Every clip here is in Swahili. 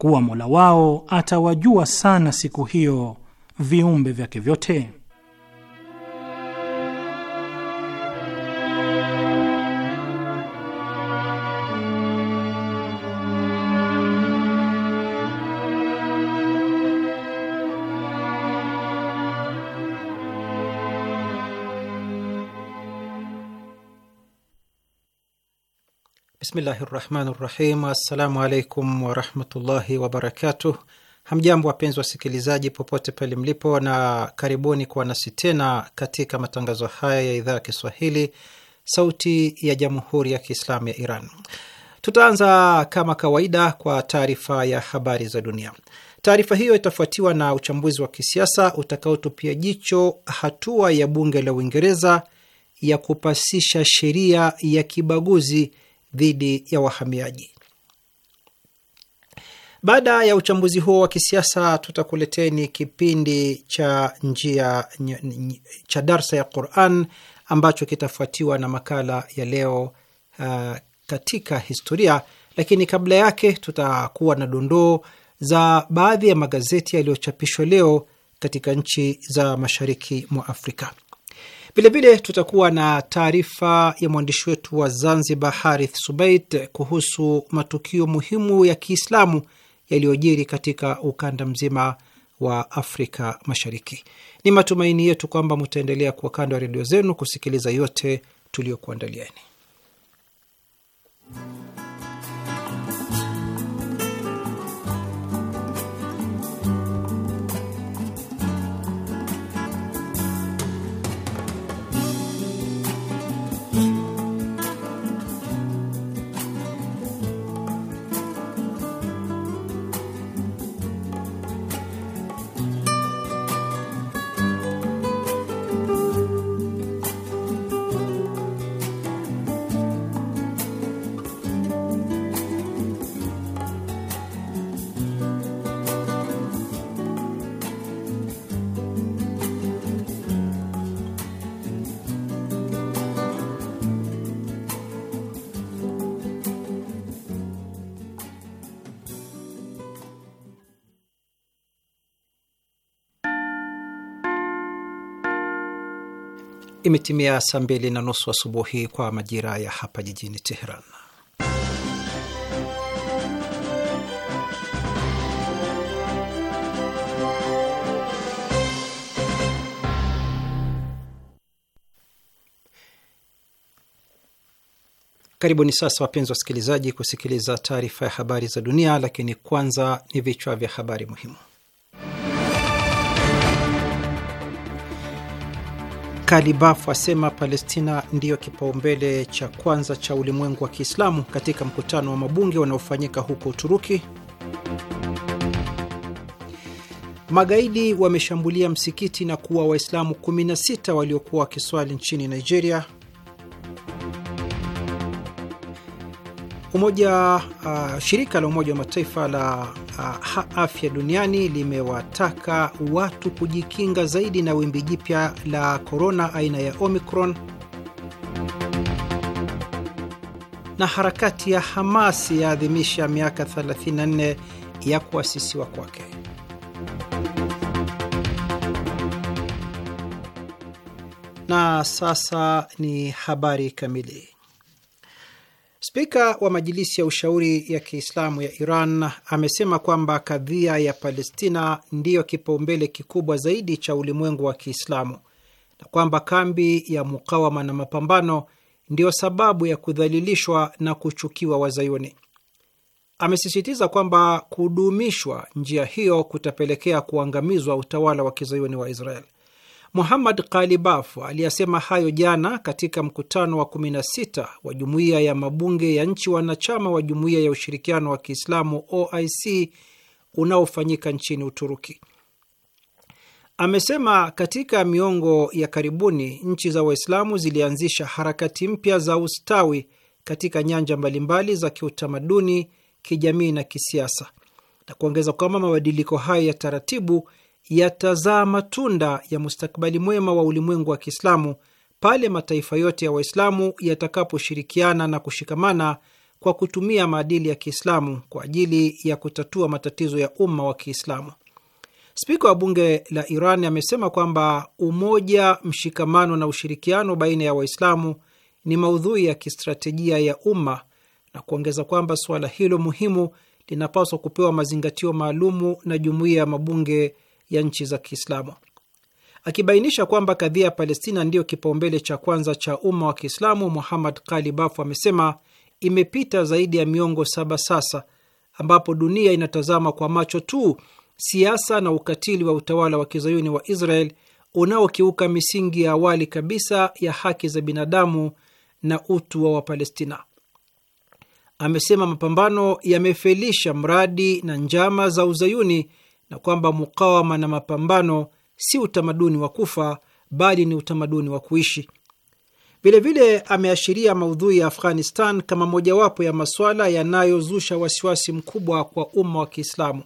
kuwa Mola wao atawajua sana siku hiyo viumbe vyake vyote. Bismillahi rahmani rahim. Assalamu alaikum warahmatullahi wabarakatuh. Hamjambo wapenzi wasikilizaji popote pale mlipo, na karibuni kuwa nasi tena katika matangazo haya ya idhaa ya Kiswahili sauti ya jamhuri ya Kiislamu ya Iran. Tutaanza kama kawaida kwa taarifa ya habari za dunia. Taarifa hiyo itafuatiwa na uchambuzi wa kisiasa utakaotupia jicho hatua ya bunge la Uingereza ya kupasisha sheria ya kibaguzi dhidi ya wahamiaji. Baada ya uchambuzi huo wa kisiasa, tutakuleteni kipindi cha njia cha darsa ya Quran ambacho kitafuatiwa na makala ya leo uh, katika historia. Lakini kabla yake tutakuwa na dondoo za baadhi ya magazeti yaliyochapishwa leo katika nchi za mashariki mwa Afrika. Vilevile tutakuwa na taarifa ya mwandishi wetu wa Zanzibar, Harith Subait, kuhusu matukio muhimu ya Kiislamu yaliyojiri katika ukanda mzima wa Afrika Mashariki. Ni matumaini yetu kwamba mtaendelea kuwa kando ya redio zenu kusikiliza yote tuliyokuandaliani. Imetimia saa mbili na nusu asubuhi kwa majira ya hapa jijini Teheran. Karibuni sasa, wapenzi wasikilizaji, kusikiliza taarifa ya habari za dunia, lakini kwanza ni vichwa vya habari muhimu. Kali Bafu asema Palestina ndiyo kipaumbele cha kwanza cha ulimwengu wa Kiislamu katika mkutano wa mabunge unaofanyika huko Uturuki. Magaidi wameshambulia msikiti na kuua Waislamu 16 waliokuwa wakiswali nchini Nigeria. Umoja uh, shirika la Umoja wa Mataifa la uh, afya duniani limewataka watu kujikinga zaidi na wimbi jipya la korona aina ya Omicron, na harakati ya Hamas yaadhimisha miaka 34 ya kuasisiwa kwake. Na sasa ni habari kamili. Spika wa Majilisi ya Ushauri ya Kiislamu ya Iran amesema kwamba kadhia ya Palestina ndiyo kipaumbele kikubwa zaidi cha ulimwengu wa Kiislamu na kwamba kambi ya mukawama na mapambano ndiyo sababu ya kudhalilishwa na kuchukiwa Wazayuni. Amesisitiza kwamba kudumishwa njia hiyo kutapelekea kuangamizwa utawala wa kizayuni wa Israel. Muhammad Kalibaf aliyasema hayo jana katika mkutano wa 16 wa jumuiya ya mabunge ya nchi wanachama wa jumuiya ya ushirikiano wa Kiislamu OIC unaofanyika nchini Uturuki. Amesema katika miongo ya karibuni nchi za Waislamu zilianzisha harakati mpya za ustawi katika nyanja mbalimbali za kiutamaduni, kijamii na kisiasa, na kuongeza kwamba mabadiliko hayo ya taratibu yatazaa matunda ya mustakabali mwema wa ulimwengu wa Kiislamu pale mataifa yote ya Waislamu yatakaposhirikiana na kushikamana kwa kutumia maadili ya Kiislamu kwa ajili ya kutatua matatizo ya umma wa Kiislamu. Spika wa bunge la Iran amesema kwamba umoja, mshikamano na ushirikiano baina ya Waislamu ni maudhui ya kistratejia ya umma na kuongeza kwamba suala hilo muhimu linapaswa kupewa mazingatio maalumu na jumuiya ya mabunge ya nchi za Kiislamu, akibainisha kwamba kadhia ya Palestina ndiyo kipaumbele cha kwanza cha umma wa Kiislamu. Muhammad Kali Bafu amesema imepita zaidi ya miongo saba sasa ambapo dunia inatazama kwa macho tu siasa na ukatili wa utawala wa kizayuni wa Israel unaokiuka misingi ya awali kabisa ya haki za binadamu na utu wa Wapalestina. Amesema mapambano yamefelisha mradi na njama za uzayuni na kwamba mukawama na mapambano si utamaduni wa kufa bali ni utamaduni wa kuishi. Vilevile ameashiria maudhui ya Afghanistan kama mojawapo ya masuala yanayozusha wasiwasi mkubwa kwa umma wa Kiislamu,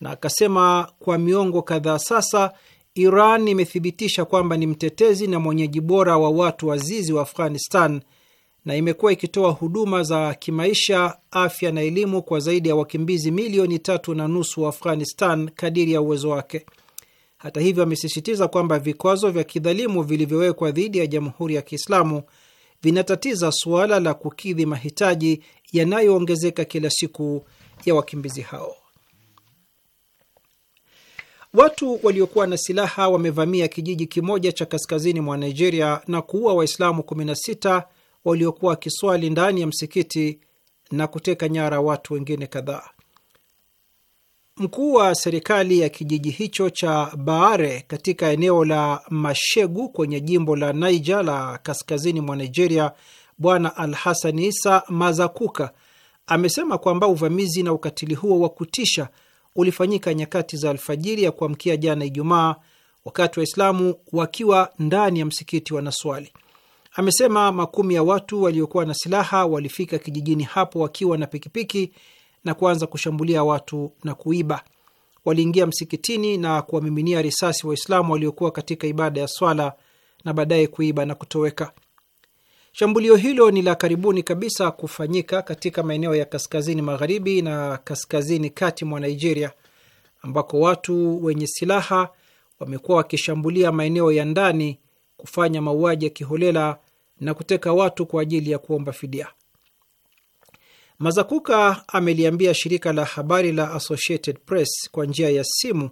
na akasema kwa miongo kadhaa sasa Iran imethibitisha kwamba ni mtetezi na mwenyeji bora wa watu wazizi wa Afghanistan na imekuwa ikitoa huduma za kimaisha, afya na elimu kwa zaidi ya wakimbizi milioni tatu na nusu wa Afghanistan kadiri ya uwezo wake. Hata hivyo, amesisitiza kwamba vikwazo vya kidhalimu vilivyowekwa dhidi ya Jamhuri ya Kiislamu vinatatiza suala la kukidhi mahitaji yanayoongezeka kila siku ya wakimbizi hao. Watu waliokuwa na silaha wamevamia kijiji kimoja cha kaskazini mwa Nigeria na kuua Waislamu 16 waliokuwa wakiswali ndani ya msikiti na kuteka nyara watu wengine kadhaa. Mkuu wa serikali ya kijiji hicho cha Baare katika eneo la Mashegu kwenye jimbo la Niger la kaskazini mwa Nigeria, Bwana Al Hassan Isa Mazakuka amesema kwamba uvamizi na ukatili huo wa kutisha ulifanyika nyakati za alfajiri ya kuamkia jana Ijumaa, wakati Waislamu wakiwa ndani ya msikiti wanaswali. Amesema makumi ya watu waliokuwa na silaha walifika kijijini hapo wakiwa na pikipiki na kuanza kushambulia watu na kuiba. Waliingia msikitini na kuwamiminia risasi Waislamu waliokuwa katika ibada ya swala na baadaye kuiba na kutoweka. Shambulio hilo ni la karibuni kabisa kufanyika katika maeneo ya kaskazini magharibi na kaskazini kati mwa Nigeria, ambako watu wenye silaha wamekuwa wakishambulia maeneo ya ndani kufanya mauaji ya kiholela na kuteka watu kwa ajili ya kuomba fidia. Mazakuka ameliambia shirika la habari la Associated Press kwa njia ya simu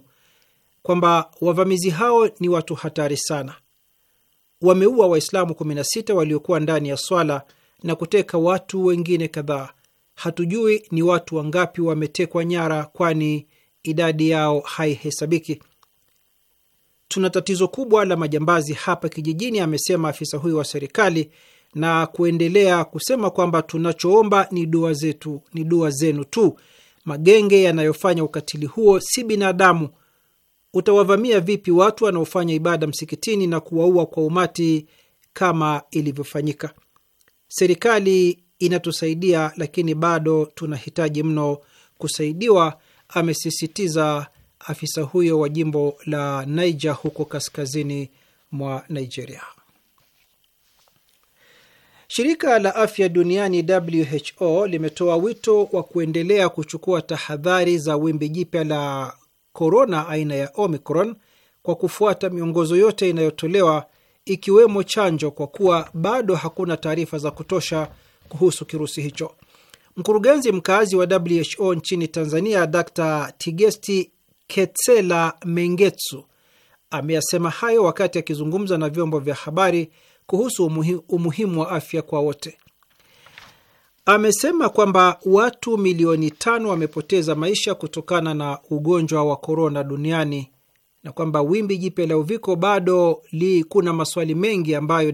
kwamba wavamizi hao ni watu hatari sana. Wameua Waislamu 16 waliokuwa ndani ya swala na kuteka watu wengine kadhaa. Hatujui ni watu wangapi wametekwa nyara, kwani idadi yao haihesabiki tuna tatizo kubwa la majambazi hapa kijijini, amesema afisa huyo wa serikali na kuendelea kusema kwamba tunachoomba ni dua zetu, ni dua zenu tu. Magenge yanayofanya ukatili huo si binadamu. Utawavamia vipi watu wanaofanya ibada msikitini na kuwaua kwa umati kama ilivyofanyika? Serikali inatusaidia, lakini bado tunahitaji mno kusaidiwa, amesisitiza afisa huyo wa jimbo la Niger huko kaskazini mwa Nigeria. Shirika la afya duniani WHO limetoa wito wa kuendelea kuchukua tahadhari za wimbi jipya la korona aina ya Omicron kwa kufuata miongozo yote inayotolewa ikiwemo chanjo, kwa kuwa bado hakuna taarifa za kutosha kuhusu kirusi hicho. Mkurugenzi mkaazi wa WHO nchini Tanzania, Dr Tigesti Ketsela Mengetsu ameyasema hayo wakati akizungumza na vyombo vya habari kuhusu umuhimu wa afya kwa wote. Amesema kwamba watu milioni tano wamepoteza maisha kutokana na ugonjwa wa korona duniani na kwamba wimbi jipya la uviko bado li, kuna maswali mengi ambayo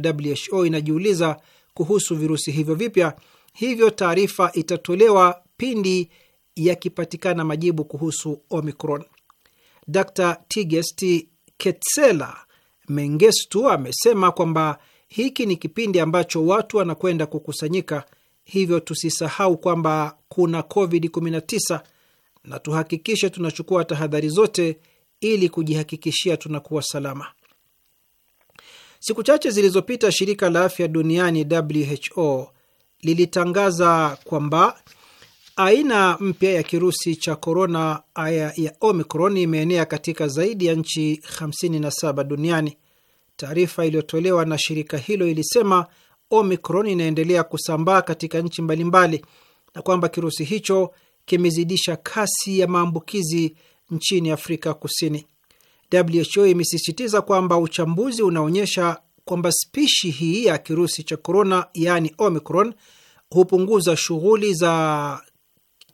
WHO inajiuliza kuhusu virusi hivyo vipya, hivyo taarifa itatolewa pindi yakipatikana majibu kuhusu Omicron. Dr Tigest Ketsela Mengestu amesema kwamba hiki ni kipindi ambacho watu wanakwenda kukusanyika, hivyo tusisahau kwamba kuna COVID-19 na tuhakikishe tunachukua tahadhari zote ili kujihakikishia tunakuwa salama. Siku chache zilizopita shirika la afya duniani WHO lilitangaza kwamba Aina mpya ya kirusi cha korona aya ya Omicron imeenea katika zaidi ya nchi 57 duniani. Taarifa iliyotolewa na shirika hilo ilisema Omicron inaendelea kusambaa katika nchi mbalimbali na kwamba kirusi hicho kimezidisha kasi ya maambukizi nchini Afrika Kusini. WHO imesisitiza kwamba uchambuzi unaonyesha kwamba spishi hii ya kirusi cha korona, yaani Omicron, hupunguza shughuli za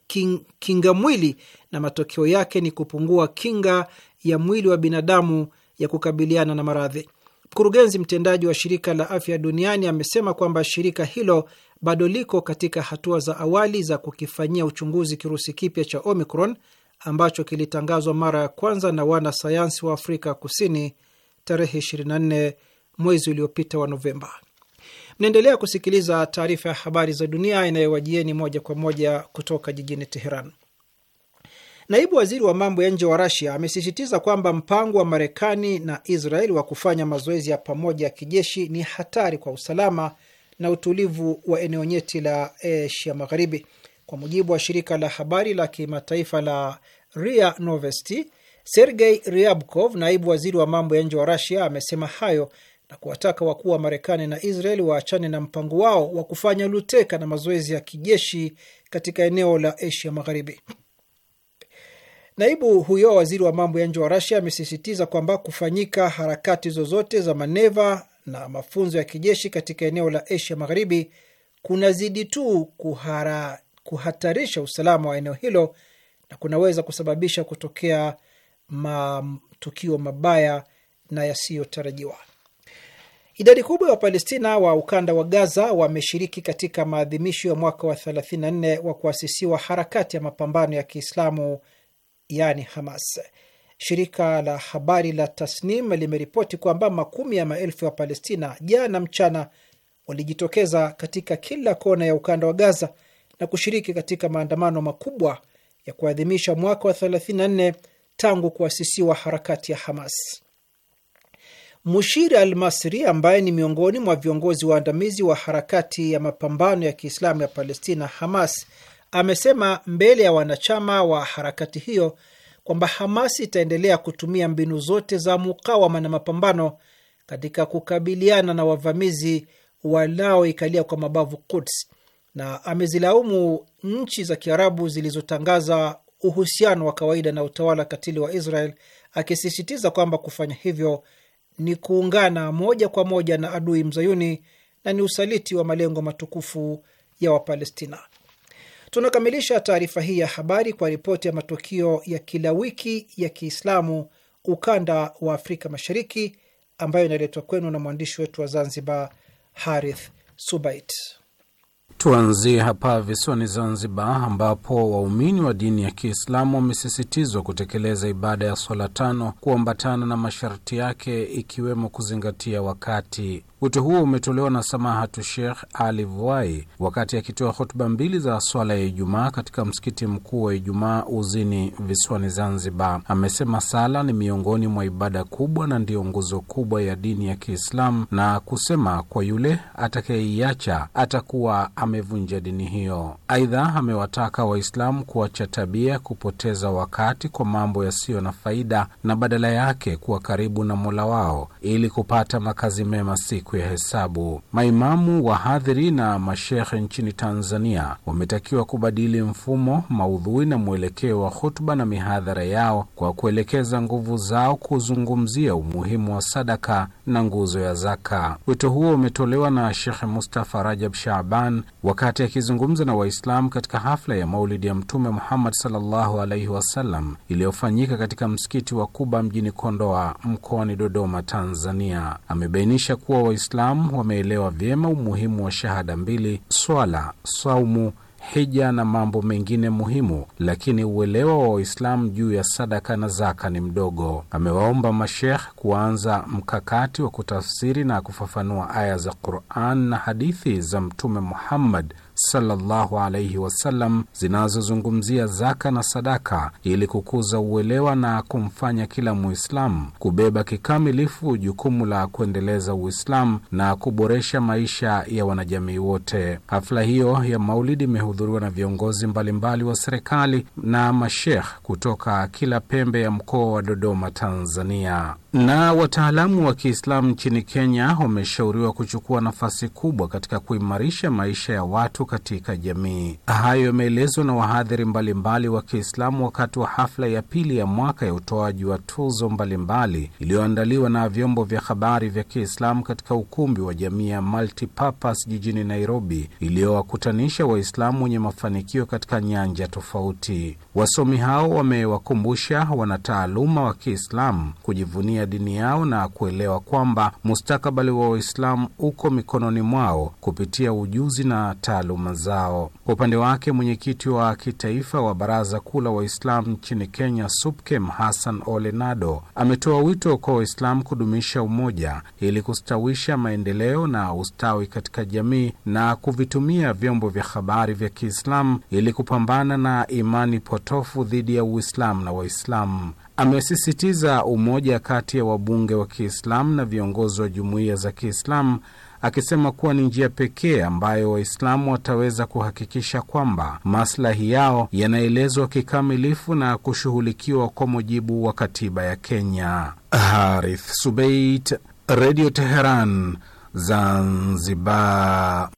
king, kinga mwili na matokeo yake ni kupungua kinga ya mwili wa binadamu ya kukabiliana na maradhi. Mkurugenzi mtendaji wa shirika la afya duniani amesema kwamba shirika hilo bado liko katika hatua za awali za kukifanyia uchunguzi kirusi kipya cha Omicron ambacho kilitangazwa mara ya kwanza na wanasayansi wa Afrika Kusini tarehe 24 mwezi uliopita wa Novemba. Mnaendelea kusikiliza taarifa ya habari za dunia inayowajieni moja kwa moja kutoka jijini Teheran. Naibu waziri wa mambo ya nje wa Rasia amesisitiza kwamba mpango wa Marekani na israel wa kufanya mazoezi ya pamoja ya kijeshi ni hatari kwa usalama na utulivu wa eneo nyeti la Asia Magharibi. Kwa mujibu wa shirika la habari la kimataifa la Ria Novosti, Sergei Ryabkov, naibu waziri wa mambo ya nje wa Rasia, amesema hayo na kuwataka wakuu wa Marekani na Israeli waachane na mpango wao wa kufanya luteka na mazoezi ya kijeshi katika eneo la Asia Magharibi. Naibu huyo waziri wa mambo ya nje wa Rasia amesisitiza kwamba kufanyika harakati zozote za maneva na mafunzo ya kijeshi katika eneo la Asia Magharibi kunazidi tu kuhara, kuhatarisha usalama wa eneo hilo na kunaweza kusababisha kutokea matukio mabaya na yasiyotarajiwa. Idadi kubwa ya Wapalestina wa ukanda wa Gaza wameshiriki katika maadhimisho ya mwaka wa 34 wa kuasisiwa harakati ya mapambano ya Kiislamu, yani Hamas. Shirika la habari la Tasnim limeripoti kwamba makumi ya maelfu ya Wapalestina jana mchana walijitokeza katika kila kona ya ukanda wa Gaza na kushiriki katika maandamano makubwa ya kuadhimisha mwaka wa 34 tangu kuasisiwa harakati ya Hamas. Mushiri al-Masri ambaye ni miongoni mwa viongozi waandamizi wa harakati ya mapambano ya Kiislamu ya Palestina Hamas amesema mbele ya wanachama wa harakati hiyo kwamba Hamas itaendelea kutumia mbinu zote za mukawama na mapambano katika kukabiliana na wavamizi wanaoikalia kwa mabavu Quds na amezilaumu nchi za Kiarabu zilizotangaza uhusiano wa kawaida na utawala katili wa Israel akisisitiza kwamba kufanya hivyo ni kuungana moja kwa moja na adui mzayuni na ni usaliti wa malengo matukufu ya Wapalestina. Tunakamilisha taarifa hii ya habari kwa ripoti ya matukio ya kila wiki ya Kiislamu ukanda wa Afrika Mashariki ambayo inaletwa kwenu na mwandishi wetu wa Zanzibar, Harith Subait. Tuanzie hapa visiwani Zanzibar, ambapo waumini wa dini ya Kiislamu wamesisitizwa kutekeleza ibada ya swala tano kuambatana na masharti yake, ikiwemo kuzingatia wakati Wito huo umetolewa na samahatu Sheikh Ali Vuai wakati akitoa hotuba mbili za swala ya Ijumaa katika msikiti mkuu wa Ijumaa Uzini visiwani Zanzibar. Amesema sala ni miongoni mwa ibada kubwa na ndiyo nguzo kubwa ya dini ya Kiislamu, na kusema kwa yule atakayeiacha atakuwa amevunja dini hiyo. Aidha, amewataka Waislamu kuacha tabia kupoteza wakati kwa mambo yasiyo na faida na badala yake kuwa karibu na Mola wao ili kupata makazi mema siku kuyahesabu. Maimamu, hadhiri na mashekhe nchini Tanzania wametakiwa kubadili mfumo, maudhui na mwelekeo wa hotuba na mihadhara yao kwa kuelekeza nguvu zao kuzungumzia umuhimu wa sadaka na nguzo ya zaka. Wito huo umetolewa na Shekhe Mustafa Rajab Shaban wakati akizungumza na Waislamu katika hafla ya maulidi ya Mtume Muhammad sallallahu alaihi wasallam iliyofanyika katika msikiti wa Kuba mjini Kondoa mkoani Dodoma, Tanzania. Amebainisha kuwa Waislamu wameelewa vyema umuhimu wa shahada mbili, swala, saumu, hija na mambo mengine muhimu, lakini uelewa wa Waislamu juu ya sadaka na zaka ni mdogo. Amewaomba mashekh kuanza mkakati wa kutafsiri na kufafanua aya za Quran na hadithi za Mtume Muhammad sallallahu alaihi wasallam zinazozungumzia zaka na sadaka ili kukuza uelewa na kumfanya kila Muislamu kubeba kikamilifu jukumu la kuendeleza Uislamu na kuboresha maisha ya wanajamii wote. Hafla hiyo ya Maulidi imehudhuriwa na viongozi mbalimbali wa serikali na mashekh kutoka kila pembe ya mkoa wa Dodoma, Tanzania. Na wataalamu wa Kiislamu nchini Kenya wameshauriwa kuchukua nafasi kubwa katika kuimarisha maisha ya watu katika jamii. Hayo yameelezwa na wahadhiri mbalimbali wa Kiislamu wakati wa hafla ya pili ya mwaka ya utoaji wa tuzo mbalimbali iliyoandaliwa na vyombo vya habari vya Kiislamu katika ukumbi wa jamii ya Multipurpose jijini Nairobi, iliyowakutanisha Waislamu wenye mafanikio katika nyanja tofauti. Wasomi hao wamewakumbusha wanataaluma wa Kiislamu kujivunia kupigania dini yao na kuelewa kwamba mustakabali wa Waislamu uko mikononi mwao kupitia ujuzi na taaluma zao. Kwa upande wake, mwenyekiti wa kitaifa wa Baraza Kuu la Waislamu nchini Kenya, SUPKEM, Hassan olenado ametoa wito kwa Waislamu kudumisha umoja ili kustawisha maendeleo na ustawi katika jamii na kuvitumia vyombo vya habari vya Kiislamu ili kupambana na imani potofu dhidi ya Uislamu na Waislamu amesisitiza umoja kati ya wabunge wa Kiislamu na viongozi wa jumuiya za Kiislamu akisema kuwa ni njia pekee ambayo Waislamu wataweza kuhakikisha kwamba maslahi yao yanaelezwa kikamilifu na kushughulikiwa kwa mujibu wa katiba ya Kenya. Harith Subeit, Radio Teheran, Zanzibar.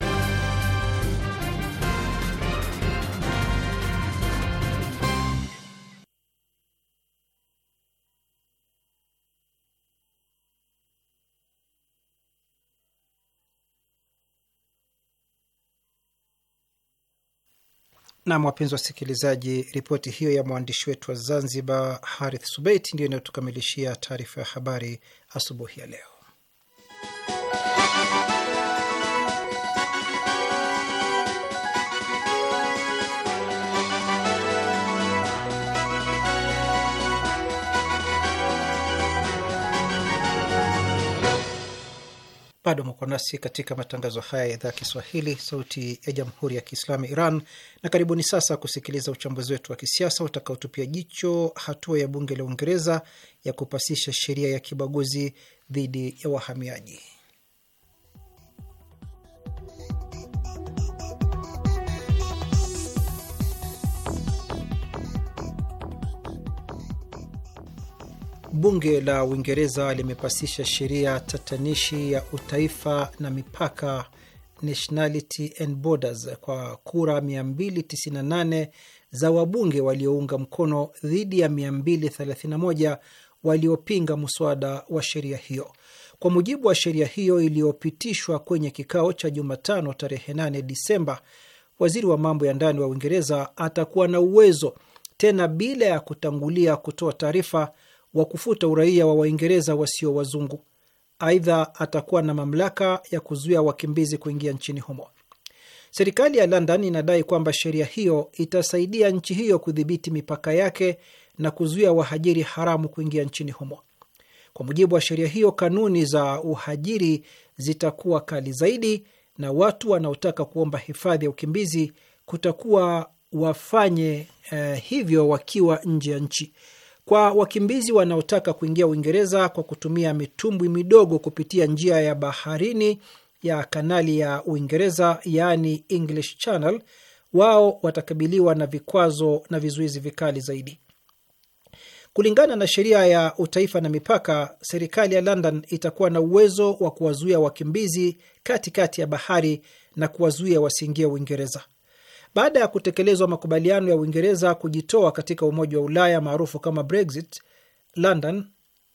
Nam, wapenzi wasikilizaji, ripoti hiyo ya mwandishi wetu wa Zanzibar Harith Subeit ndiyo inayotukamilishia taarifa ya habari asubuhi ya leo. Bado mko nasi katika matangazo haya ya idhaa ya Kiswahili, sauti ya jamhuri ya kiislamu Iran. Na karibuni sasa kusikiliza uchambuzi wetu wa kisiasa utakaotupia jicho hatua ya bunge la Uingereza ya kupasisha sheria ya kibaguzi dhidi ya wahamiaji. Bunge la Uingereza limepasisha sheria tatanishi ya utaifa na mipaka, Nationality and Borders, kwa kura 298 za wabunge waliounga mkono dhidi ya 231 waliopinga mswada wa sheria hiyo. Kwa mujibu wa sheria hiyo iliyopitishwa kwenye kikao cha Jumatano tarehe 8 Disemba, waziri wa mambo ya ndani wa Uingereza atakuwa na uwezo tena bila ya kutangulia kutoa taarifa wa kufuta uraia wa Waingereza wasio wazungu. Aidha, atakuwa na mamlaka ya kuzuia wakimbizi kuingia nchini humo. Serikali ya London inadai kwamba sheria hiyo itasaidia nchi hiyo kudhibiti mipaka yake na kuzuia wahajiri haramu kuingia nchini humo. Kwa mujibu wa sheria hiyo, kanuni za uhajiri zitakuwa kali zaidi na watu wanaotaka kuomba hifadhi ya ukimbizi kutakuwa wafanye eh, hivyo wakiwa nje ya nchi. Kwa wakimbizi wanaotaka kuingia Uingereza kwa kutumia mitumbwi midogo kupitia njia ya baharini ya kanali ya Uingereza, yaani English Channel, wao watakabiliwa na vikwazo na vizuizi vikali zaidi. Kulingana na sheria ya utaifa na mipaka, serikali ya London itakuwa na uwezo wa kuwazuia wakimbizi katikati ya bahari na kuwazuia wasiingie Uingereza. Baada ya kutekelezwa makubaliano ya Uingereza kujitoa katika Umoja wa Ulaya maarufu kama Brexit, London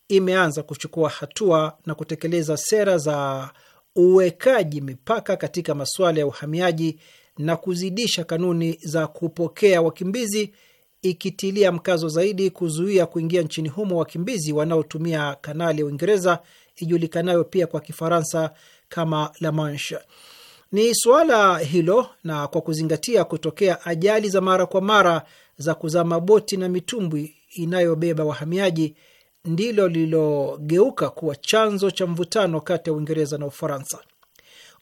imeanza kuchukua hatua na kutekeleza sera za uwekaji mipaka katika masuala ya uhamiaji na kuzidisha kanuni za kupokea wakimbizi ikitilia mkazo zaidi kuzuia kuingia nchini humo wakimbizi wanaotumia kanali ya Uingereza ijulikanayo pia kwa Kifaransa kama La Manche. Ni suala hilo, na kwa kuzingatia kutokea ajali za mara kwa mara za kuzama boti na mitumbwi inayobeba wahamiaji, ndilo lililogeuka kuwa chanzo cha mvutano kati ya Uingereza na Ufaransa.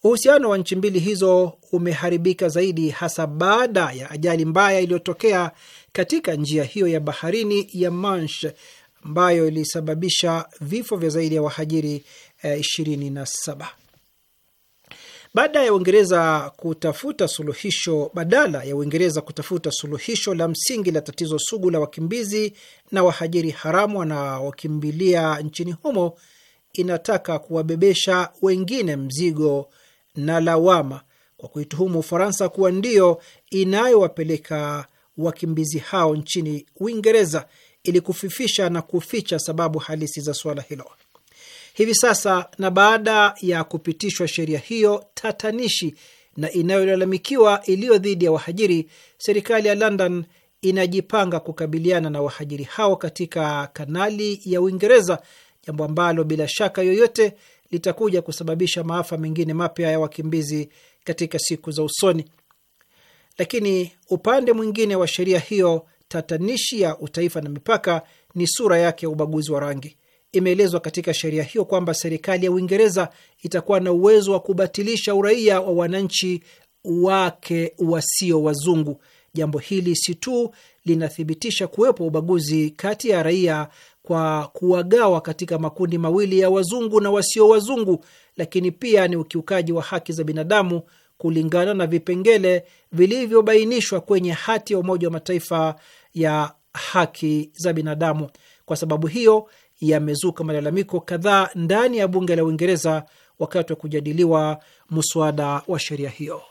Uhusiano wa nchi mbili hizo umeharibika zaidi, hasa baada ya ajali mbaya iliyotokea katika njia hiyo ya baharini ya Manche ambayo ilisababisha vifo vya zaidi ya wahajiri eh, 27. Baada ya Uingereza kutafuta suluhisho, badala ya Uingereza kutafuta suluhisho la msingi la tatizo sugu la wakimbizi na wahajiri haramu wanaokimbilia nchini humo, inataka kuwabebesha wengine mzigo na lawama kwa kuituhumu Ufaransa kuwa ndiyo inayowapeleka wakimbizi hao nchini Uingereza ili kufifisha na kuficha sababu halisi za suala hilo hivi sasa na baada ya kupitishwa sheria hiyo tatanishi na inayolalamikiwa iliyo dhidi ya wahajiri, serikali ya London inajipanga kukabiliana na wahajiri hao katika kanali ya Uingereza, jambo ambalo bila shaka yoyote litakuja kusababisha maafa mengine mapya ya wakimbizi katika siku za usoni. Lakini upande mwingine wa sheria hiyo tatanishi ya utaifa na mipaka ni sura yake ya ubaguzi wa rangi imeelezwa katika sheria hiyo kwamba serikali ya Uingereza itakuwa na uwezo wa kubatilisha uraia wa wananchi wake wasio wazungu. Jambo hili si tu linathibitisha kuwepo ubaguzi kati ya raia kwa kuwagawa katika makundi mawili ya wazungu na wasio wazungu, lakini pia ni ukiukaji wa haki za binadamu kulingana na vipengele vilivyobainishwa kwenye hati ya Umoja wa Mataifa ya haki za binadamu. Kwa sababu hiyo, yamezuka malalamiko kadhaa ndani ya bunge la Uingereza wakati wa kujadiliwa mswada wa sheria hiyo.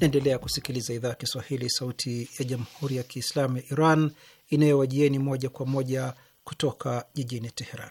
Naendelea kusikiliza idhaa ya Kiswahili, sauti ya jamhuri ya kiislamu ya Iran inayowajieni moja kwa moja kutoka jijini Teheran.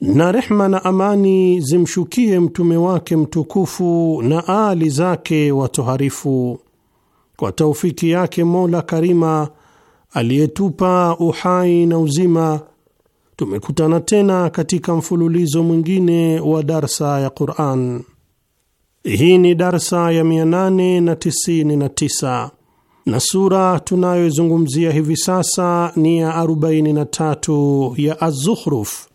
na rehma na amani zimshukie mtume wake mtukufu na aali zake watoharifu. Kwa taufiki yake Mola Karima aliyetupa uhai na uzima, tumekutana tena katika mfululizo mwingine wa darsa ya Quran. Hii ni darsa ya 899 na sura tunayozungumzia hivi sasa ni ya 43 ya Az-Zukhruf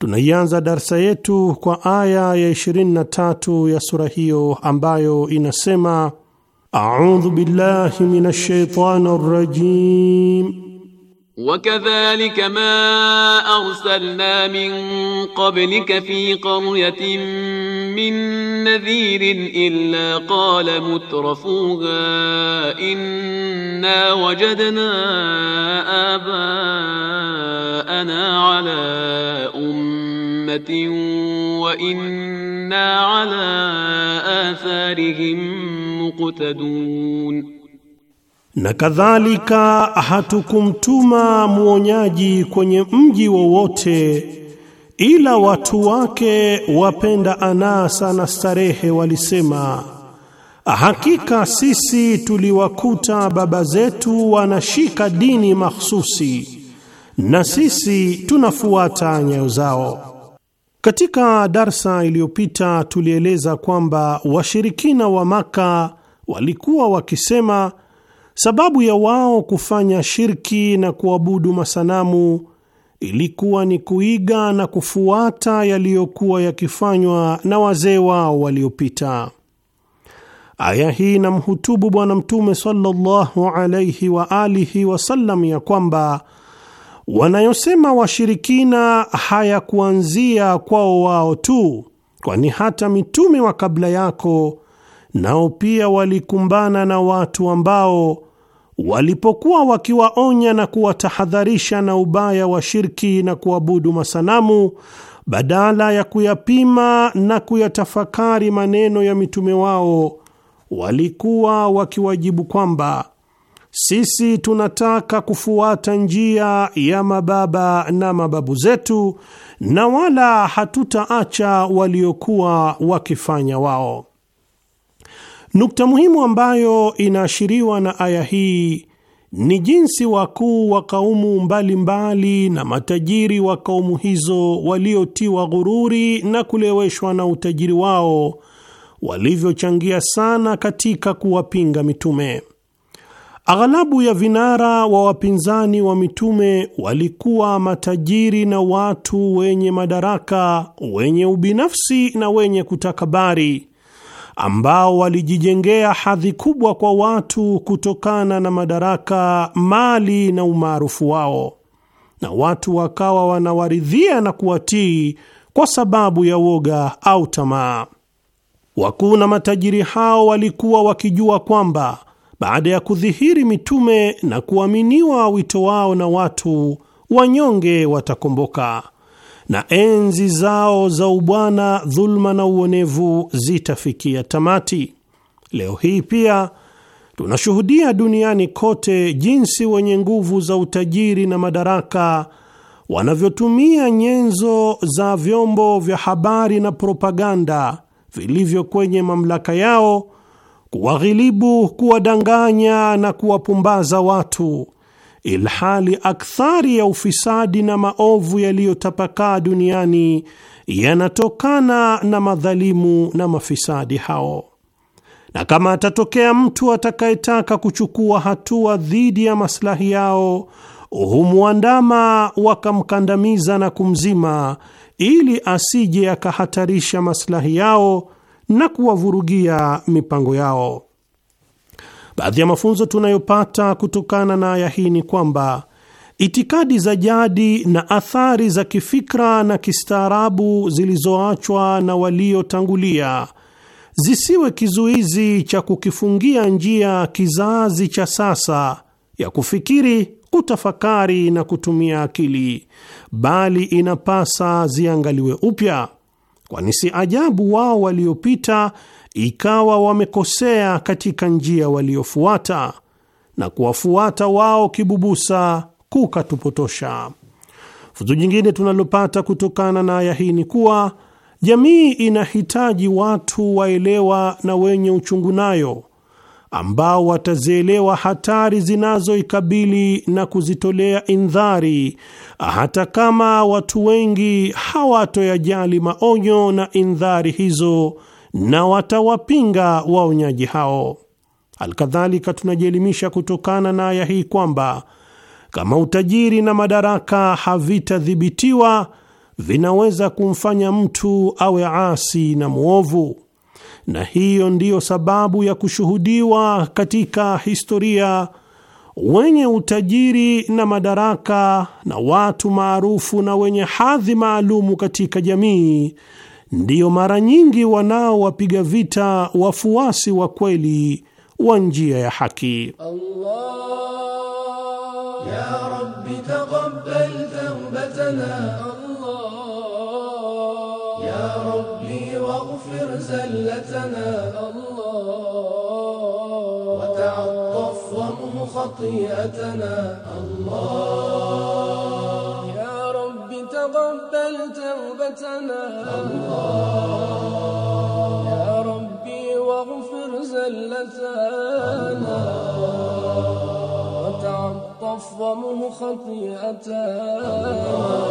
Tunaianza darsa yetu kwa aya ya 23 ya sura hiyo ambayo inasema: audhu billahi minash shaitani rajim وكذلك ما أرسلنا من قبلك في قرية من نذير إلا قال مترفوها إنا وجدنا آباءنا على أمة jannatin wa inna ala atharihim muqtadun, na kadhalika hatukumtuma mwonyaji kwenye mji wowote ila watu wake wapenda anasa na starehe walisema, hakika sisi tuliwakuta baba zetu wanashika dini mahsusi na sisi tunafuata nyayo zao. Katika darsa iliyopita tulieleza kwamba washirikina wa Maka walikuwa wakisema sababu ya wao kufanya shirki na kuabudu masanamu ilikuwa ni kuiga na kufuata yaliyokuwa yakifanywa na wazee wao waliopita. Aya hii na mhutubu Bwana Mtume sallallahu alaihi wa alihi wasallam ya kwamba Wanayosema washirikina hayakuanzia kwao wao tu, kwani hata mitume wa kabla yako nao pia walikumbana na watu ambao walipokuwa wakiwaonya na kuwatahadharisha na ubaya wa shirki na kuabudu masanamu, badala ya kuyapima na kuyatafakari maneno ya mitume wao, walikuwa wakiwajibu kwamba sisi tunataka kufuata njia ya mababa na mababu zetu, na wala hatutaacha waliokuwa wakifanya wao. Nukta muhimu ambayo inaashiriwa na aya hii ni jinsi wakuu wa kaumu mbalimbali na matajiri wa kaumu hizo waliotiwa ghururi na kuleweshwa na utajiri wao walivyochangia sana katika kuwapinga mitume. Aghalabu ya vinara wa wapinzani wa mitume walikuwa matajiri na watu wenye madaraka, wenye ubinafsi na wenye kutakabari, ambao walijijengea hadhi kubwa kwa watu kutokana na madaraka, mali na umaarufu wao, na watu wakawa wanawaridhia na kuwatii kwa sababu ya woga au tamaa. Wakuu na matajiri hao walikuwa wakijua kwamba baada ya kudhihiri mitume na kuaminiwa wito wao na watu wanyonge watakomboka na enzi zao za ubwana, dhuluma na uonevu zitafikia tamati. Leo hii pia tunashuhudia duniani kote jinsi wenye nguvu za utajiri na madaraka wanavyotumia nyenzo za vyombo vya habari na propaganda vilivyo kwenye mamlaka yao kuwaghilibu, kuwadanganya na kuwapumbaza watu, ilhali akthari ya ufisadi na maovu yaliyotapakaa duniani yanatokana na madhalimu na mafisadi hao. Na kama atatokea mtu atakayetaka kuchukua hatua dhidi ya maslahi yao, humwandama wakamkandamiza na kumzima, ili asije akahatarisha maslahi yao na kuwavurugia mipango yao. Baadhi ya mafunzo tunayopata kutokana na aya hii ni kwamba itikadi za jadi na athari za kifikra na kistaarabu zilizoachwa na waliotangulia zisiwe kizuizi cha kukifungia njia kizazi cha sasa ya kufikiri, kutafakari na kutumia akili, bali inapasa ziangaliwe upya kwani si ajabu wao waliopita ikawa wamekosea katika njia waliofuata, na kuwafuata wao kibubusa kukatupotosha. Funzo jingine tunalopata kutokana na aya hii ni kuwa jamii inahitaji watu waelewa na wenye uchungu nayo ambao watazielewa hatari zinazoikabili na kuzitolea indhari, hata kama watu wengi hawatoyajali maonyo na indhari hizo na watawapinga waonyaji hao. Alkadhalika, tunajielimisha kutokana na aya hii kwamba kama utajiri na madaraka havitadhibitiwa, vinaweza kumfanya mtu awe asi na mwovu na hiyo ndiyo sababu ya kushuhudiwa katika historia wenye utajiri na madaraka na watu maarufu na wenye hadhi maalumu katika jamii ndiyo mara nyingi wanaowapiga vita wafuasi wa kweli wa njia ya haki Allah. خطيئتنا الله يا رب تقبل توبتنا الله يا ربي واغفر زلتنا وتعطف ومخطيئتنا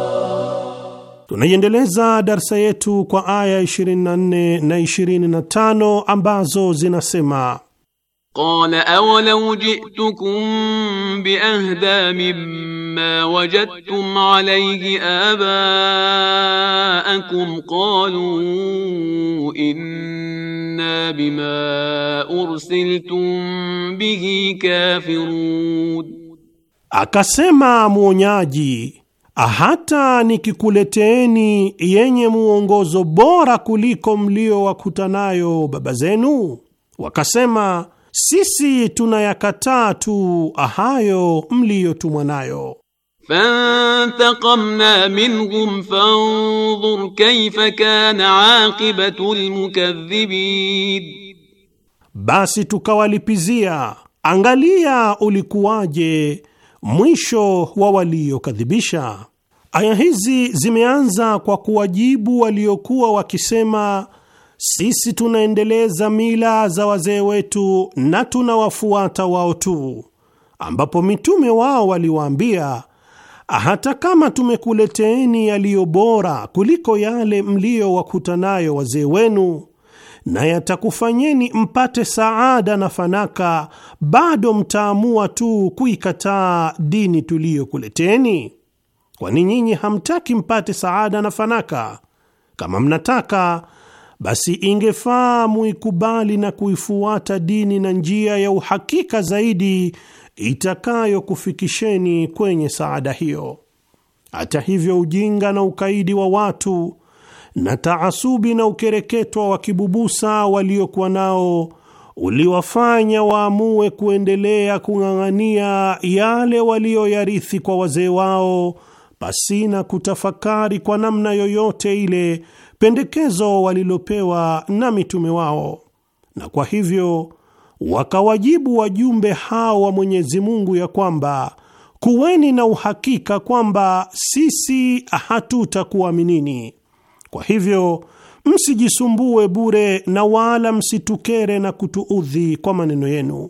Tunaiendeleza darsa yetu kwa aya 24 na 25 ambazo zinasema: Qala awalau jitukum biahda mimma wajadtum alayhi abaakum qalu inna bima ursiltum bihi kafirun, akasema mwonyaji, hata nikikuleteeni yenye muongozo bora kuliko mliowakuta nayo baba zenu, wakasema sisi tunayakataa tu hayo mliyotumwa nayo. Fantaqamna minhum fanzur kaifa kana aqibatu lmukadhibin, basi tukawalipizia, angalia ulikuwaje mwisho wa waliokadhibisha. Aya hizi zimeanza kwa kuwajibu waliokuwa wakisema sisi tunaendeleza mila za wazee wetu na tunawafuata wao tu, ambapo mitume wao waliwaambia, hata kama tumekuleteeni yaliyo bora kuliko yale mliyowakuta nayo wazee wenu na yatakufanyeni mpate saada na fanaka, bado mtaamua tu kuikataa dini tuliyokuleteni? Kwani nyinyi hamtaki mpate saada na fanaka? Kama mnataka basi ingefaa muikubali na kuifuata dini na njia ya uhakika zaidi itakayokufikisheni kwenye saada hiyo. Hata hivyo, ujinga na ukaidi wa watu na taasubi na ukereketwa wa kibubusa waliokuwa nao uliwafanya waamue kuendelea kung'ang'ania yale waliyoyarithi kwa wazee wao pasina kutafakari kwa namna yoyote ile pendekezo walilopewa na mitume wao, na kwa hivyo wakawajibu wajumbe hao wa Mwenyezi Mungu ya kwamba kuweni na uhakika kwamba sisi hatutakuaminini. Kwa hivyo msijisumbue bure na wala msitukere na kutuudhi kwa maneno yenu.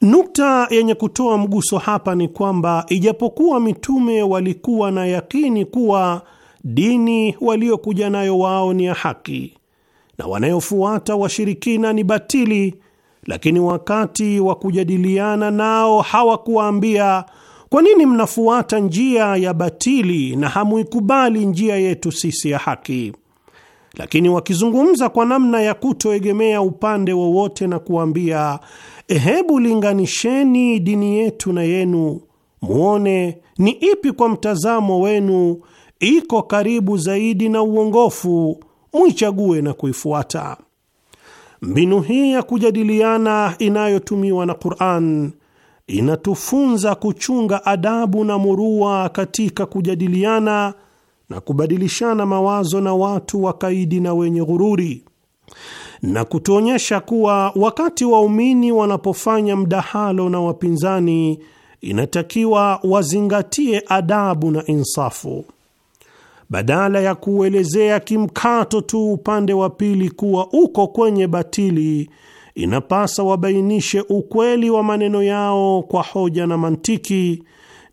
Nukta yenye kutoa mguso hapa ni kwamba ijapokuwa mitume walikuwa na yakini kuwa dini waliokuja nayo wao ni ya haki na wanayofuata washirikina ni batili, lakini wakati wa kujadiliana nao hawakuwaambia kwa nini mnafuata njia ya batili na hamuikubali njia yetu sisi ya haki. Lakini wakizungumza kwa namna ya kutoegemea upande wowote na kuambia Eh, hebu linganisheni dini yetu na yenu, mwone ni ipi kwa mtazamo wenu iko karibu zaidi na uongofu, mwichague na kuifuata. Mbinu hii ya kujadiliana inayotumiwa na Qur'an inatufunza kuchunga adabu na murua katika kujadiliana na kubadilishana mawazo na watu wakaidi na wenye ghururi na kutuonyesha kuwa wakati waumini wanapofanya mdahalo na wapinzani, inatakiwa wazingatie adabu na insafu badala ya kuelezea kimkato tu upande wa pili kuwa uko kwenye batili. Inapasa wabainishe ukweli wa maneno yao kwa hoja na mantiki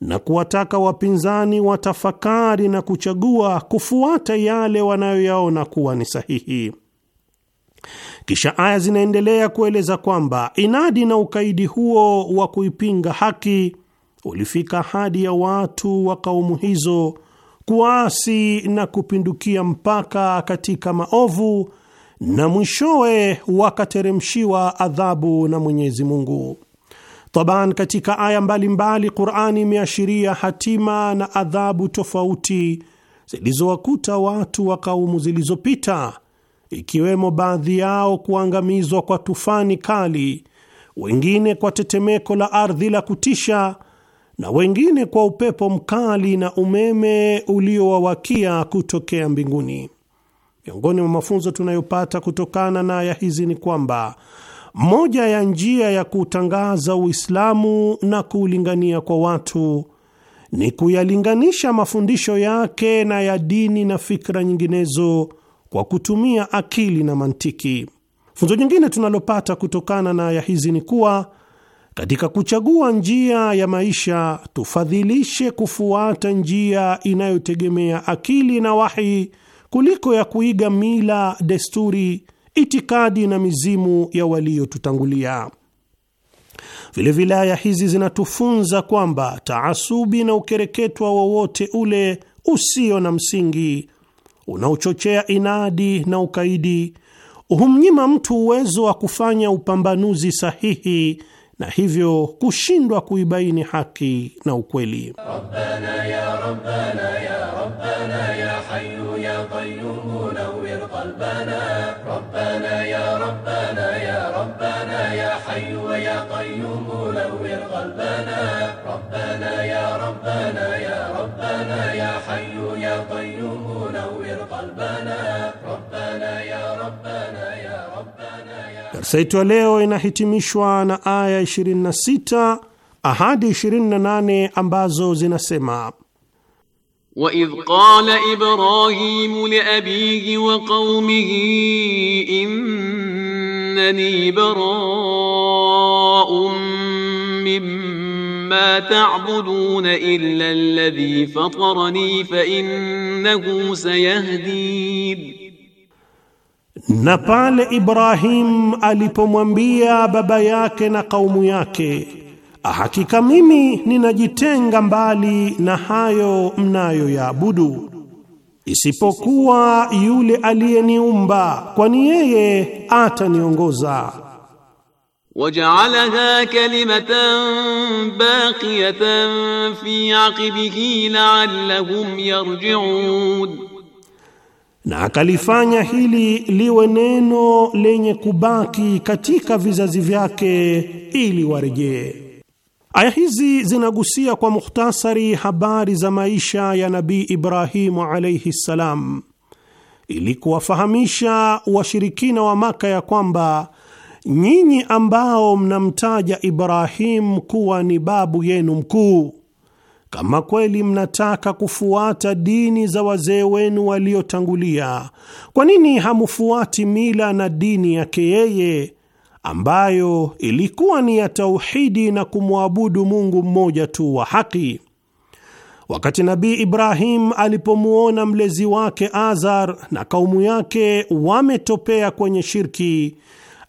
na kuwataka wapinzani watafakari na kuchagua kufuata yale wanayoyaona kuwa ni sahihi. Kisha aya zinaendelea kueleza kwamba inadi na ukaidi huo wa kuipinga haki ulifika hadi ya watu wa kaumu hizo kuasi na kupindukia mpaka katika maovu na mwishowe wakateremshiwa adhabu na Mwenyezi Mungu. Taban, katika aya mbalimbali Qur'ani imeashiria hatima na adhabu tofauti zilizowakuta watu wa kaumu zilizopita ikiwemo baadhi yao kuangamizwa kwa tufani kali, wengine kwa tetemeko la ardhi la kutisha, na wengine kwa upepo mkali na umeme uliowawakia kutokea mbinguni. Miongoni mwa mafunzo tunayopata kutokana na aya hizi ni kwamba moja ya njia ya kutangaza Uislamu na kuulingania kwa watu ni kuyalinganisha mafundisho yake na ya dini na fikra nyinginezo kwa kutumia akili na mantiki. Funzo jingine tunalopata kutokana na aya hizi ni kuwa katika kuchagua njia ya maisha tufadhilishe kufuata njia inayotegemea akili na wahi kuliko ya kuiga mila, desturi, itikadi na mizimu ya waliotutangulia. Vilevile aya hizi zinatufunza kwamba taasubi na ukereketwa wowote ule usio na msingi unaochochea inadi na ukaidi, humnyima mtu uwezo wa kufanya upambanuzi sahihi na hivyo kushindwa kuibaini haki na ukweli. Rabbana ya Rabbana ya Rabbana ya ya nawwir qalbana Saitwa leo inahitimishwa na aya 26 ahadi 28 ambazo zinasema وَإِذْ قَالَ إِبْرَاهِيمُ لِأَبِيهِ وَقَوْمِهِ إِنَّنِي بَرَاءٌ مِّمَّا تَعْبُدُونَ إِلَّا الَّذِي فَطَرَنِي فَإِنَّهُ سَيَهْدِينِ Na pale Ibrahim alipomwambia baba yake na kaumu yake, hakika mimi ninajitenga mbali na hayo mnayoyaabudu, isipokuwa yule aliyeniumba, kwani yeye ataniongoza. Waja'alaha kalimatan baqiyatan fi aqibihi la'allahum yarji'un na akalifanya hili liwe neno lenye kubaki katika vizazi vyake ili warejee. Aya hizi zinagusia kwa mukhtasari habari za maisha ya Nabii Ibrahimu alaihi ssalam, ili kuwafahamisha washirikina wa Maka ya kwamba nyinyi ambao mnamtaja Ibrahimu kuwa ni babu yenu mkuu kama kweli mnataka kufuata dini za wazee wenu waliotangulia, kwa nini hamfuati mila na dini yake yeye ambayo ilikuwa ni ya tauhidi na kumwabudu Mungu mmoja tu wa haki? Wakati Nabii Ibrahim alipomwona mlezi wake Azar na kaumu yake wametopea kwenye shirki,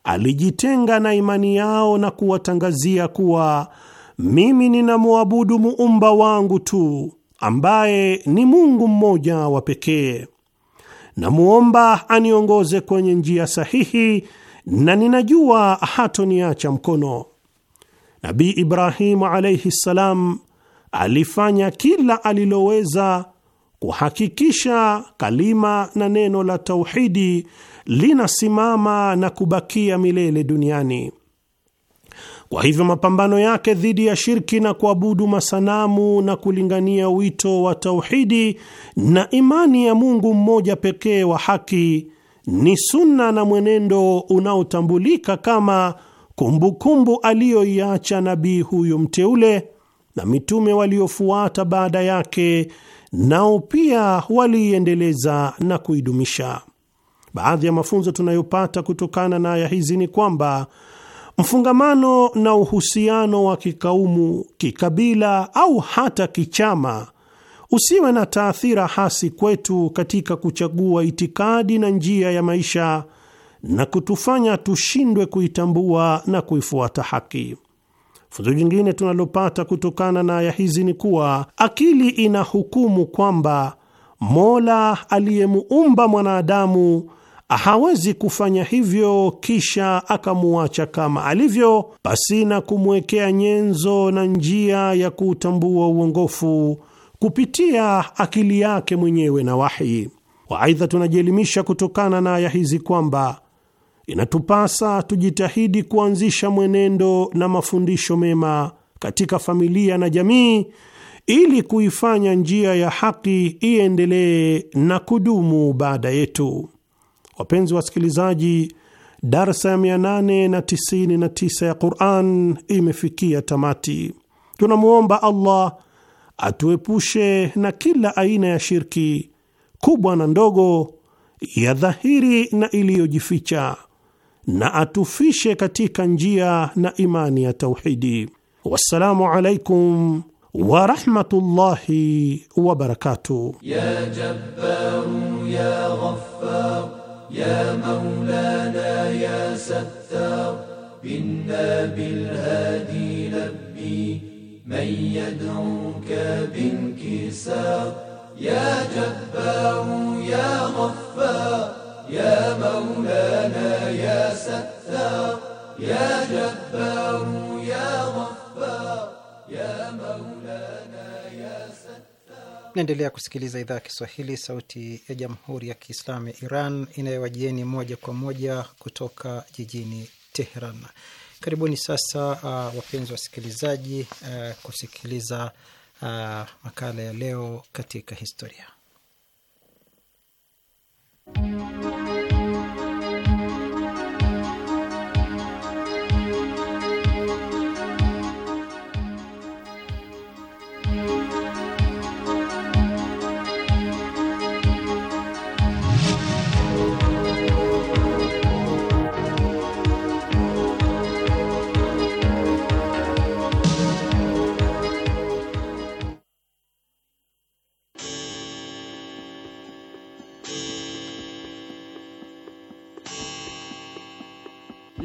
alijitenga na imani yao na kuwatangazia kuwa mimi ninamwabudu muumba wangu tu ambaye ni Mungu mmoja wa pekee. namwomba aniongoze kwenye njia sahihi, na ninajua hatoniacha mkono. Nabii Ibrahimu alaihi ssalam alifanya kila aliloweza kuhakikisha kalima na neno la tauhidi linasimama na kubakia milele duniani. Kwa hivyo mapambano yake dhidi ya shirki na kuabudu masanamu na kulingania wito wa tauhidi na imani ya Mungu mmoja pekee wa haki ni sunna na mwenendo unaotambulika kama kumbukumbu aliyoiacha nabii huyu mteule na mitume waliofuata baada yake, nao pia waliiendeleza na kuidumisha. Baadhi ya mafunzo tunayopata kutokana na aya hizi ni kwamba Mfungamano na uhusiano wa kikaumu, kikabila au hata kichama usiwe na taathira hasi kwetu katika kuchagua itikadi na njia ya maisha na kutufanya tushindwe kuitambua na kuifuata haki. Funzo jingine tunalopata kutokana na aya hizi ni kuwa akili inahukumu kwamba Mola aliyemuumba mwanadamu hawezi kufanya hivyo kisha akamwacha kama alivyo, pasina kumwekea nyenzo na njia ya kuutambua uongofu kupitia akili yake mwenyewe na wahi. Waaidha, tunajielimisha kutokana na aya hizi kwamba inatupasa tujitahidi kuanzisha mwenendo na mafundisho mema katika familia na jamii ili kuifanya njia ya haki iendelee na kudumu baada yetu. Wapenzi wasikilizaji, darsa ya 899 ya Quran imefikia tamati. Tunamwomba Allah atuepushe na kila aina ya shirki kubwa na ndogo, ya dhahiri na iliyojificha, na atufishe katika njia na imani ya tauhidi. Wassalamu alaikum wa rahmatullahi wa barakatuh. Ya Jabbaru ya Ghaffar يا مولانا يا ستار إنا بالهادي لبي من يدعوك بانكسار يا جبار يا غفار يا مولانا يا ستار يا جبار يا غفار يا مولانا يا ستار Naendelea kusikiliza idhaa ya Kiswahili, sauti ya jamhuri ya kiislamu ya Iran inayowajieni moja kwa moja kutoka jijini Teheran. Karibuni sasa, uh, wapenzi wasikilizaji, uh, kusikiliza uh, makala ya leo katika historia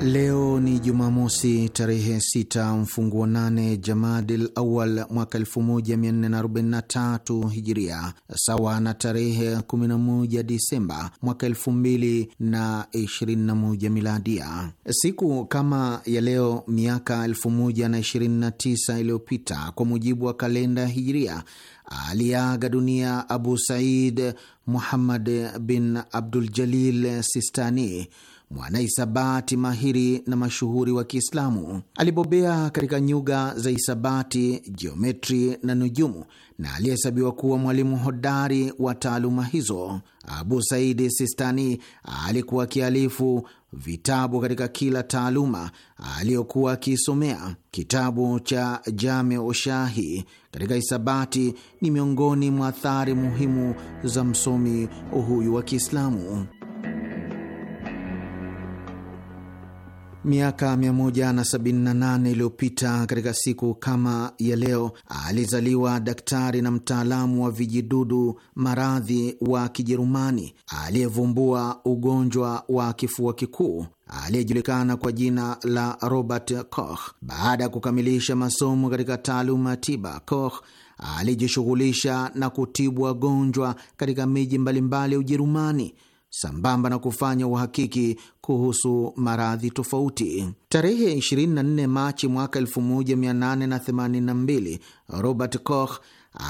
Leo ni Jumamosi, tarehe 6 mfunguo 8 Jamadil Awal mwaka 1443 Hijiria, sawa na tarehe 11 Disemba mwaka 2021 Miladia. Siku kama ya leo miaka 1029 iliyopita kwa mujibu wa kalenda Hijiria, aliaga dunia Abu Said Muhammad bin Abdul Jalil Sistani, mwanahisabati mahiri na mashuhuri wa Kiislamu. Alibobea katika nyuga za hisabati, jiometri na nujumu, na aliyehesabiwa kuwa mwalimu hodari wa taaluma hizo. Abu Saidi Sistani alikuwa akialifu vitabu katika kila taaluma aliyokuwa akiisomea. Kitabu cha jame Ushahi katika hisabati ni miongoni mwa athari muhimu za msomi huyu wa Kiislamu. Miaka 178 iliyopita katika siku kama ya leo alizaliwa daktari na mtaalamu wa vijidudu maradhi wa Kijerumani aliyevumbua ugonjwa wa kifua kikuu aliyejulikana kwa jina la Robert Koch. Baada ya kukamilisha masomo katika taaluma ya tiba, Koch alijishughulisha na kutibu wagonjwa katika miji mbalimbali ya Ujerumani sambamba na kufanya uhakiki kuhusu maradhi tofauti. Tarehe 24 Machi mwaka 1882 Robert Koch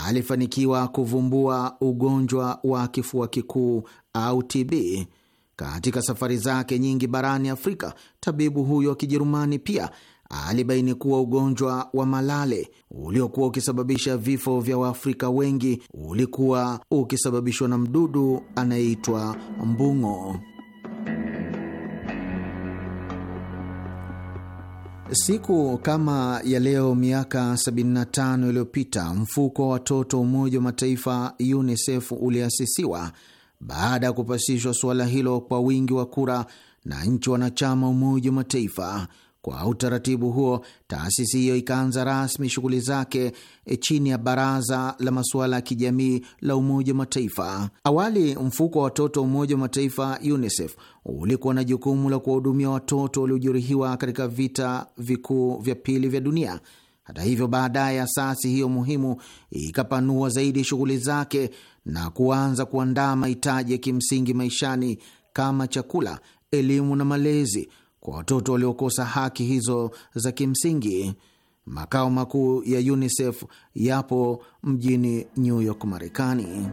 alifanikiwa kuvumbua ugonjwa wa kifua kikuu au TB. Katika safari zake nyingi barani Afrika, tabibu huyo wa Kijerumani pia alibaini kuwa ugonjwa wa malale uliokuwa ukisababisha vifo vya Waafrika wengi ulikuwa ukisababishwa na mdudu anayeitwa mbung'o. Siku kama ya leo miaka 75 iliyopita mfuko wa watoto Umoja wa Mataifa UNICEF uliasisiwa baada ya kupasishwa suala hilo kwa wingi wa kura na nchi wanachama Umoja wa Mataifa. Kwa utaratibu huo, taasisi hiyo ikaanza rasmi shughuli zake e, chini ya baraza la masuala ya kijamii la Umoja wa Mataifa. Awali, mfuko wa watoto wa Umoja wa Mataifa UNICEF ulikuwa na jukumu la kuwahudumia watoto waliojeruhiwa katika vita vikuu vya pili vya dunia. Hata hivyo, baadaye asasi hiyo muhimu ikapanua zaidi shughuli zake na kuanza kuandaa mahitaji ya kimsingi maishani kama chakula, elimu na malezi kwa watoto waliokosa haki hizo za kimsingi. Makao makuu ya UNICEF yapo mjini New York, Marekani.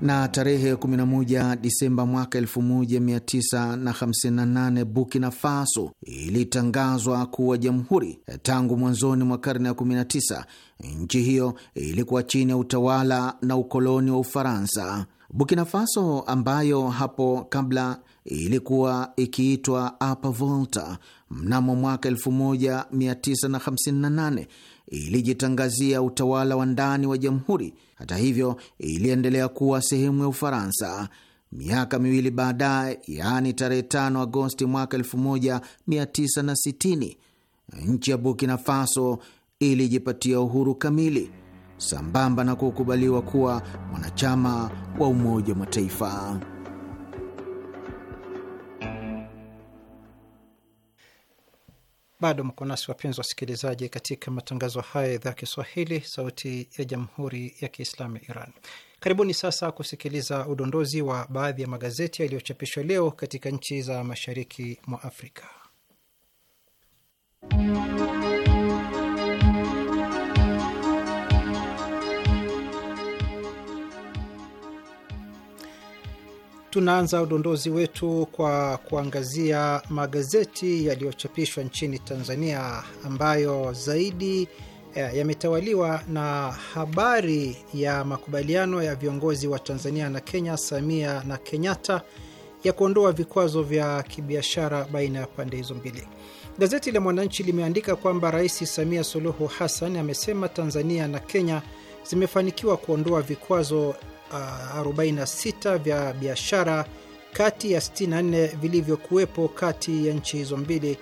na tarehe 11 Disemba mwaka 1958 Burkina Faso ilitangazwa kuwa jamhuri. Tangu mwanzoni mwa karne ya 19 nchi hiyo ilikuwa chini ya utawala na ukoloni wa Ufaransa. Burkina Faso ambayo hapo kabla ilikuwa ikiitwa Apa Volta, mnamo mwaka 1958 ilijitangazia utawala wa ndani wa jamhuri. Hata hivyo, iliendelea kuwa sehemu ya Ufaransa. Miaka miwili baadaye, yaani tarehe 5 Agosti mwaka 1960, nchi ya Burkina Faso ilijipatia uhuru kamili sambamba na kukubaliwa kuwa mwanachama wa Umoja wa Mataifa. Bado mko nasi wapenzi wasikilizaji, katika matangazo haya ya idhaa ya Kiswahili, Sauti ya Jamhuri ya Kiislamu ya Iran. Karibuni sasa kusikiliza udondozi wa baadhi ya magazeti yaliyochapishwa leo katika nchi za mashariki mwa Afrika. Tunaanza udondozi wetu kwa kuangazia magazeti yaliyochapishwa nchini Tanzania ambayo zaidi eh, yametawaliwa na habari ya makubaliano ya viongozi wa Tanzania na Kenya, Samia na Kenyatta, ya kuondoa vikwazo vya kibiashara baina ya pande hizo mbili. Gazeti la Mwananchi limeandika kwamba Rais Samia Suluhu Hassan amesema Tanzania na Kenya zimefanikiwa kuondoa vikwazo 46 uh, vya biashara kati ya 64 vilivyokuwepo kati ya nchi hizo mbili,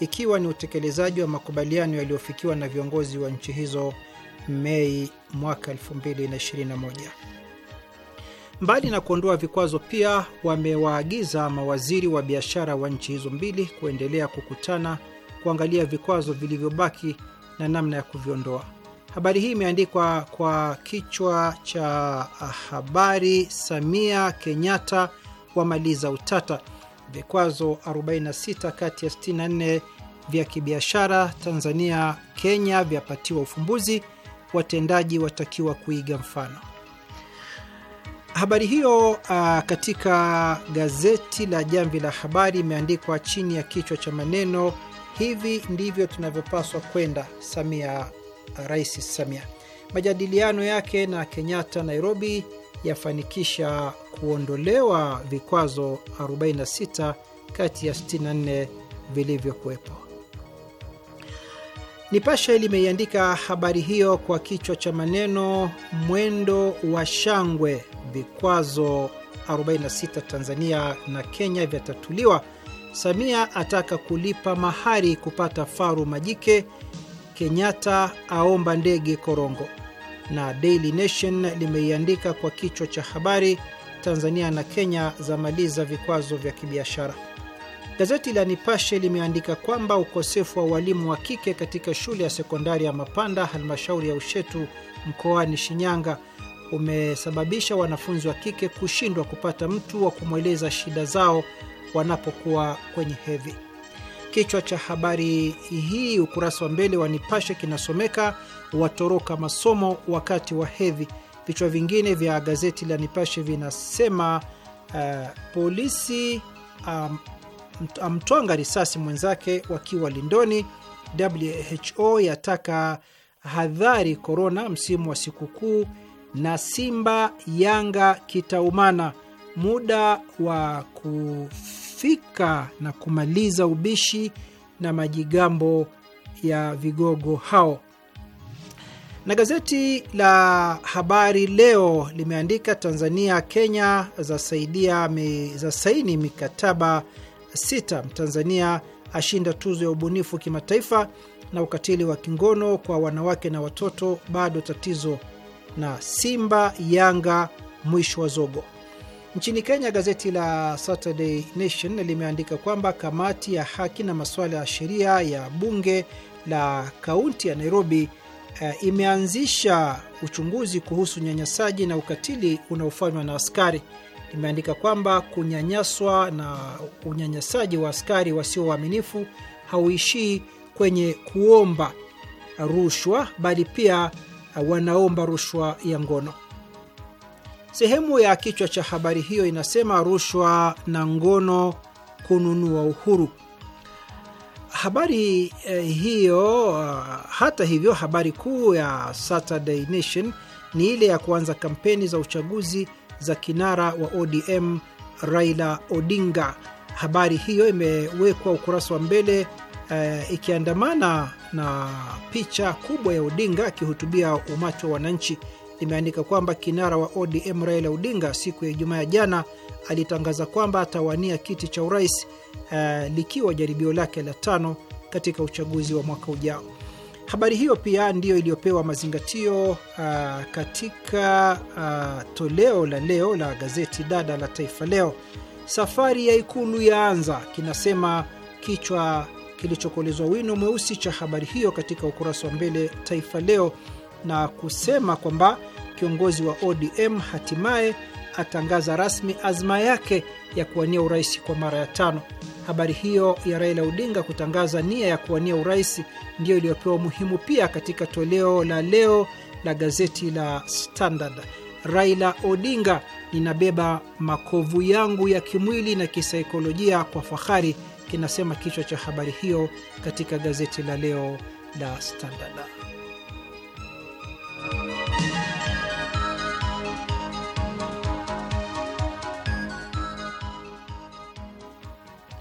ikiwa ni utekelezaji wa makubaliano yaliyofikiwa na viongozi wa nchi hizo Mei mwaka 2021. Mbali na kuondoa vikwazo, pia wamewaagiza mawaziri wa biashara wa nchi hizo mbili kuendelea kukutana kuangalia vikwazo vilivyobaki na namna ya kuviondoa. Habari hii imeandikwa kwa kichwa cha habari, Samia Kenyatta wamaliza utata, vikwazo 46 kati ya 64 vya kibiashara Tanzania Kenya vyapatiwa ufumbuzi, watendaji watakiwa kuiga mfano. Habari hiyo uh, katika gazeti la Jamvi la Habari imeandikwa chini ya kichwa cha maneno hivi ndivyo tunavyopaswa kwenda, Samia Rais Samia. Majadiliano yake na Kenyatta Nairobi yafanikisha kuondolewa vikwazo 46 kati ya 64 vilivyokuwepo. Nipashe limeiandika habari hiyo kwa kichwa cha maneno mwendo wa shangwe, vikwazo 46 Tanzania na Kenya vyatatuliwa, Samia ataka kulipa mahari kupata faru majike, Kenyatta aomba ndege korongo, na Daily Nation limeiandika kwa kichwa cha habari, Tanzania na Kenya zamaliza vikwazo vya kibiashara. Gazeti la Nipashe limeandika kwamba ukosefu wa walimu wa kike katika shule ya sekondari ya Mapanda, halmashauri ya Ushetu, mkoani Shinyanga umesababisha wanafunzi wa kike kushindwa kupata mtu wa kumweleza shida zao wanapokuwa kwenye hevi Kichwa cha habari hii ukurasa wa mbele wa Nipashe kinasomeka watoroka masomo wakati wa hedhi. Vichwa vingine vya gazeti la Nipashe vinasema uh, polisi um, amtwanga risasi mwenzake wakiwa lindoni. WHO yataka hadhari korona msimu wa sikukuu, na Simba Yanga kitaumana muda wa ku kufika na kumaliza ubishi na majigambo ya vigogo hao. Na gazeti la Habari Leo limeandika Tanzania Kenya zasaidia za saini mikataba sita, Tanzania ashinda tuzo ya ubunifu kimataifa, na ukatili wa kingono kwa wanawake na watoto bado tatizo, na Simba Yanga mwisho wa zogo. Nchini Kenya, gazeti la Saturday Nation limeandika kwamba kamati ya haki na masuala ya sheria ya bunge la kaunti ya Nairobi uh, imeanzisha uchunguzi kuhusu unyanyasaji na ukatili unaofanywa na askari. Limeandika kwamba kunyanyaswa na unyanyasaji wa askari wasio waaminifu hauishii kwenye kuomba rushwa, bali pia uh, wanaomba rushwa ya ngono. Sehemu ya kichwa cha habari hiyo inasema rushwa na ngono kununua uhuru. Habari eh, hiyo uh, hata hivyo, habari kuu ya Saturday Nation ni ile ya kuanza kampeni za uchaguzi za kinara wa ODM Raila Odinga. Habari hiyo imewekwa ukurasa wa mbele eh, ikiandamana na picha kubwa ya Odinga akihutubia umati wa wananchi limeandika kwamba kinara wa ODM Raila Odinga siku ya Ijumaa ya jana alitangaza kwamba atawania kiti cha urais uh, likiwa jaribio lake la tano katika uchaguzi wa mwaka ujao. Habari hiyo pia ndiyo iliyopewa mazingatio uh, katika uh, toleo la leo la gazeti dada la Taifa Leo. Safari ya Ikulu yaanza, kinasema kichwa kilichokolezwa wino mweusi cha habari hiyo katika ukurasa wa mbele Taifa Leo na kusema kwamba kiongozi wa ODM hatimaye atangaza rasmi azma yake ya kuwania urais kwa mara ya tano. Habari hiyo ya Raila Odinga kutangaza nia ya kuwania urais ndiyo iliyopewa umuhimu pia katika toleo la leo la gazeti la Standard. Raila Odinga, ninabeba makovu yangu ya kimwili na kisaikolojia kwa fahari, kinasema kichwa cha habari hiyo katika gazeti la leo la Standard.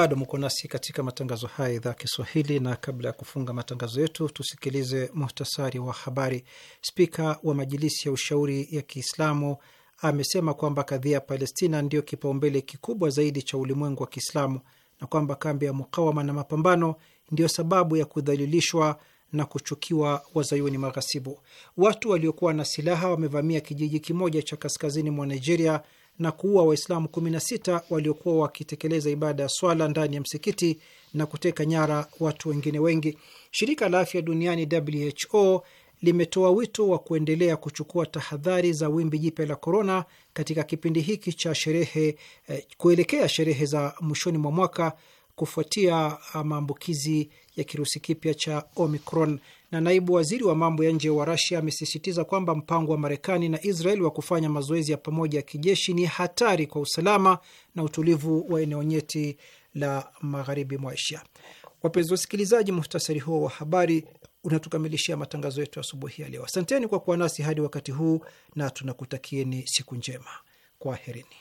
Bado mko nasi katika matangazo haya idhaa Kiswahili, na kabla ya kufunga matangazo yetu tusikilize muhtasari wa habari. Spika wa Majilisi ya Ushauri ya Kiislamu amesema kwamba kadhia ya Palestina ndiyo kipaumbele kikubwa zaidi cha ulimwengu wa Kiislamu na kwamba kambi ya mukawama na mapambano ndiyo sababu ya kudhalilishwa na kuchukiwa wazayuni maghasibu. Watu waliokuwa na silaha wamevamia kijiji kimoja cha kaskazini mwa Nigeria na kuua Waislamu 16 waliokuwa wakitekeleza ibada ya swala ndani ya msikiti na kuteka nyara watu wengine wengi. Shirika la Afya Duniani WHO limetoa wito wa kuendelea kuchukua tahadhari za wimbi jipya la korona katika kipindi hiki cha sherehe eh, kuelekea sherehe za mwishoni mwa mwaka kufuatia ah, maambukizi ya kirusi kipya cha Omicron. Na naibu waziri wa mambo ya nje wa Rasia amesisitiza kwamba mpango wa Marekani na Israel wa kufanya mazoezi ya pamoja ya kijeshi ni hatari kwa usalama na utulivu wa eneo nyeti la magharibi mwa Asia. Wapenzi wasikilizaji, muhtasari huo wa habari unatukamilishia matangazo yetu asubuhi ya leo. Asanteni kwa kuwa nasi hadi wakati huu na tunakutakieni siku njema. Kwaherini.